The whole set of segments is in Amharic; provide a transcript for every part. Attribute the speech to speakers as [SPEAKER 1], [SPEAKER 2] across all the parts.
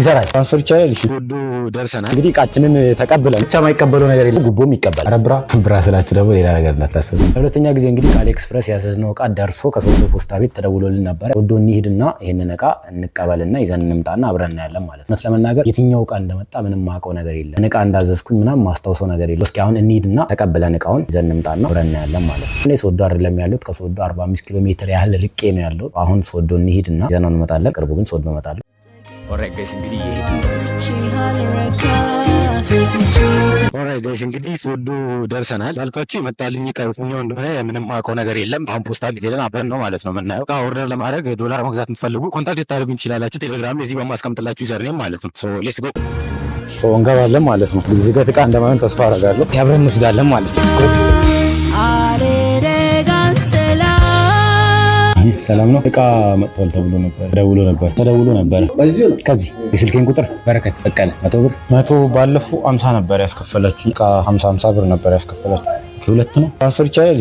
[SPEAKER 1] ይሰራል። ትራንስፈር ይቻላል። እሺ ጉዱ ደርሰናል። እንግዲህ እቃችንን ተቀብለን ብቻ የማይቀበለው ነገር የለም፣ ጉቦም ይቀበላል። ኧረ ብራ ስላችሁ ደግሞ ሌላ ነገር እንዳታስቡ። ለሁለተኛ ጊዜ እንግዲህ ከአሊ ኤክስፕረስ ያዘዝነው እቃ ደርሶ ከሶዶ ፖስታ ቤት ተደውሎልን ነበረ። ወዶ እንሂድና ይህንን እቃ እንቀበልና ይዘን እንምጣና አብረን እናያለን ማለት ነው። ስለመናገር የትኛው እቃ እንደመጣ ምንም ማውቀው ነገር የለም። እቃ እንዳዘዝኩኝ ምናምን ማስታውሰው ነገር የለም። እስኪ አሁን እንሂድና ተቀብለን እቃውን ይዘን እንምጣና አብረን እናያለን ማለት ነው። እኔ ሶዶ አይደለም ያሉት ከሶዶ 45 ኪሎ ሜትር ያህል ርቄ ነው ያለው። አሁን ሶዶ እንሂድና ይዘነው እንመጣለን። ቅርቡ ግን ሶዶ እመጣለሁ።
[SPEAKER 2] ኦራይት ጋይስ እንግዲህ
[SPEAKER 1] ኦራይት ጋይስ እንግዲህ ሶዶ ደርሰናል። ያልኳችሁ የመጣልኝ ዕቃ የትኛው እንደሆነ ምንም አውቀው ነገር የለም። አሁን ፖስታ ጊዜ ሄደን አብረን ነው ማለት ነው የምናየው። ዕቃ ኦርደር ለማድረግ ዶላር መግዛት የምትፈልጉ ኮንታክት ልታደርጉኝ ትችላላችሁ። ቴሌግራም እዚህ በማስቀምጥላችሁ ይዘርኔም ማለት ነው። ሌትስ ጎ እንገባለን ማለት ነው። ዝገት ዕቃ እንደማይሆን ተስፋ አደርጋለሁ። ያብረን እንወስዳለን ማለት ነው። ሰላም ነው? እቃ መጥቷል ተብሎ ነበር፣ ደውሎ ነበር፣ ተደውሎ ነበረ። ከዚህ የስልኬን ቁጥር በረከት በቀለ መቶ ብር መቶ ባለፉ አምሳ ነበር ያስከፈላችሁ። እቃ ሀምሳ ሀምሳ ብር ነበር ያስከፈላችሁ። ሁለት ነው ትራንስፈር ይቻላል።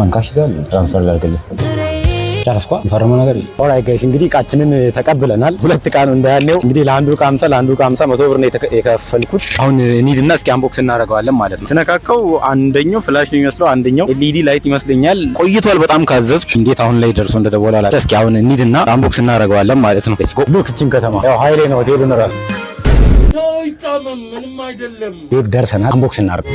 [SPEAKER 1] ባንካሽ ይዛል ትራንስፈር ላድርግልህ ጨረስኳ። የፈረመው ነገር ኦራይ ጋይስ እንግዲህ እቃችንን ተቀብለናል። ሁለት እቃ ነው እንዳያለው እንግዲህ ለአንዱ እቃ ለአንዱ እቃ መቶ ብር ነው የከፈልኩት። አሁን ኒድና እስኪ አንቦክስ እናደርገዋለን ማለት ነው። አንደኛው ፍላሽ ነው የሚመስለው፣ አንደኛው ኤልኢዲ ላይት ይመስለኛል። ቆይቷል በጣም ካዘዝኩ። እንዴት አሁን ላይ ደርሶ እንደደወለ አላ እስኪ አሁን አንቦክስ እናደርገዋለን ማለት ነው። ከተማ ያው ሀይሌ ነው ራሱ ምንም አይደለም። ደርሰናል። አንቦክስ እናደርገው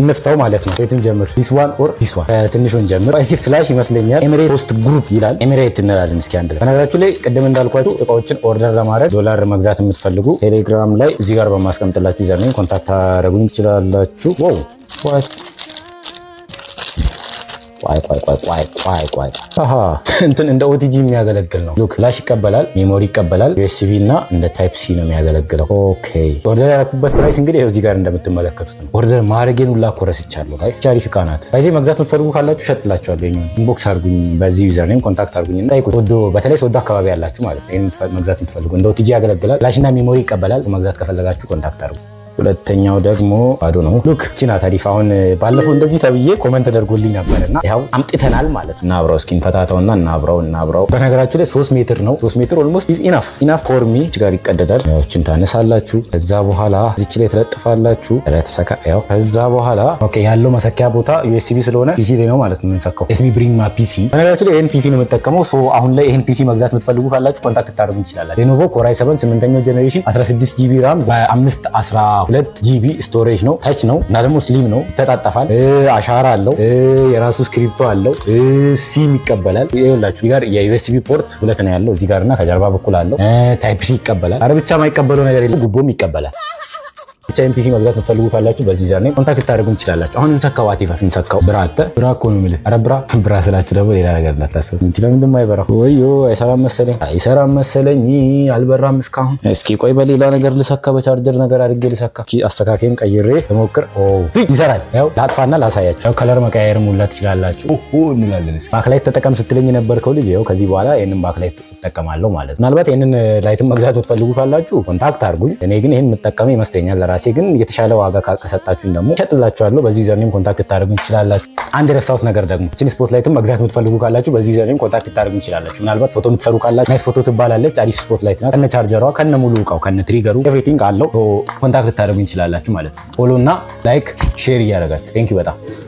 [SPEAKER 1] እንፍታው ማለት ነው። የቱን ጀምር? ዲስ ዋን ኦር ዲስ ዋን? ትንሹን ጀምር። ስፓይሲ ፍላሽ ይመስለኛል። ኤሚሬት ሆስት ግሩፕ ይላል። ኤሚሬት እንላለን። እስኪ አንድ ላይ በነገራችሁ ላይ ቅድም እንዳልኳችሁ እቃዎችን ኦርደር ለማድረግ ዶላር መግዛት የምትፈልጉ ቴሌግራም ላይ እዚህ ጋር በማስቀምጥላችሁ ዘርኔም ኮንታክት አረጉኝ ትችላላችሁ። ዋው ዋት ቋይ ቋይ ቋይ ቋይ ቋይ ቋይ እንትን እንደ ኦቲጂ የሚያገለግል ነው። ሉክ ፍላሽ ይቀበላል፣ ሜሞሪ ይቀበላል፣ ዩኤስቢ እና እንደ ታይፕ ሲ ነው የሚያገለግለው። ኦኬ ኦርደር ያደረኩበት ፕራይስ እንግዲህ እዚህ ጋር እንደምትመለከቱት ነው። ኦርደር ማድረጌን ሁላ ጋይስ እቃ ናት። መግዛት የምትፈልጉ ካላችሁ እሸጥላችኋለሁ። ኢንቦክስ አድርጉኝ፣ በዚህ ዩዘር ኔም ኮንታክት አድርጉኝ እና በተለይ ሶዶ አካባቢ ያላችሁ ማለት ነው። ይህን መግዛት እንደ ኦቲጂ ያገለግላል፣ ፍላሽ እና ሜሞሪ ይቀበላል። መግዛት ከፈለጋችሁ ኮንታክት አድርጉ። ሁለተኛው ደግሞ ባዶ ነው። ሉክ ቺና ታሪፍ አሁን ባለፈው እንደዚህ ተብዬ ኮመንት ተደርጎልኝ ነበር እና ያው አምጥተናል ማለት እና አብረው እስኪ እንፈታተውና እና አብረው በነገራችሁ ላይ ሶስት ሜትር ነው። ሶስት ሜትር ኦልሞስት ኢናፍ ኢናፍ ፎር ሚ ጋር ይቀደዳል። ያዎችን ታነሳላችሁ። ከዛ በኋላ እዚች ላይ ትለጥፋላችሁ። ተሰካ ያው ከዛ በኋላ ኦኬ ያለው መሰኪያ ቦታ ዩኤስቢ ስለሆነ ፒሲ ላይ ነው ማለት ነው የምንሰካው። ኤትሚ ብሪንግ ማ ፒሲ በነገራችሁ ላይ ይህን ፒሲ ነው የምጠቀመው። አሁን ላይ ይህን ፒሲ መግዛት የምትፈልጉ ካላችሁ ኮንታክት ታደርጉ ይችላላል። ሌኖቮ ኮራይ 7 ስምንተኛው ጀኔሬሽን 16 ጂቢ ራም በአምስት አስራ ሁለት ጂቢ ስቶሬጅ ነው። ታች ነው እና ደግሞ ስሊም ነው። ተጣጠፋል። አሻራ አለው። የራሱ ስክሪፕቶ አለው። ሲም ይቀበላል። ይኸውላችሁ እዚህ ጋር የዩኤስቢ ፖርት ሁለት ነው ያለው እዚህ ጋር እና ከጀርባ በኩል አለው። ታይፕሲ ይቀበላል። አረ ብቻ ማይቀበለው ነገር የለም። ጉቦም ይቀበላል። ብቻ ኤምፒሲ መግዛት የምትፈልጉ ካላችሁ በዚህ ዛር ላይ ኮንታክት ልታደርጉ ትችላላችሁ። አሁን እንሰካው ዋቴቨር እንሰካው ብራ አተ ብራ እኮ ነው የምልህ። ኧረ ብራ ብራ ስላችሁ ደግሞ ሌላ ነገር እንዳታስብ። እንጂ ለምንድን አይበራም? ወዮ አይሰራም መሰለኝ አይሰራም መሰለኝ አልበራም እስካሁን። እስኪ ቆይ በሌላ ነገር ልሰካ፣ በቻርጀር ነገር አድርጌ ልሰካ። አስተካካይን ቀይሬ ሞክር። ይሰራል። ያው ላጥፋና ላሳያችሁ። ከለር መቀያየር ሙላ ትችላላችሁ እንላለን። ባክላይት ተጠቀም ስትለኝ የነበርከው ልጅ ይኸው ከዚህ በኋላ ይህንን ባክላይት እጠቀማለሁ ማለት ነው። ምናልባት ይህንን ላይትን መግዛት የምትፈልጉ ካላችሁ ኮንታክት አድርጉኝ። እኔ ግን ይህን የምጠቀመ ይመስለኛል ለራሴ ራሴ ግን የተሻለ ዋጋ ከሰጣችሁኝ ደግሞ ሸጥላችኋለሁ። በዚህ ዩዘርኔም ኮንታክት ልታደርጉ ትችላላችሁ። አንድ የረሳሁት ነገር ደግሞ ችን ስፖርት ላይትም መግዛት የምትፈልጉ ካላችሁ በዚህ ዩዘርኔም ኮንታክት ልታደርጉ ትችላላችሁ። ምናልባት ፎቶ የምትሰሩ ካላችሁ ናይስ ፎቶ ትባላለች። አሪፍ ስፖርት ላይት ናት። ከነ ቻርጀሯ፣ ከነ ሙሉ እቃው፣ ከነ ትሪገሩ ኤቭሪቲንግ አለው። ኮንታክት ልታደርጉ ትችላላችሁ ማለት ነው። ፎሎ እና ላይክ ሼር እያደረጋችሁ ቴንኪው በጣም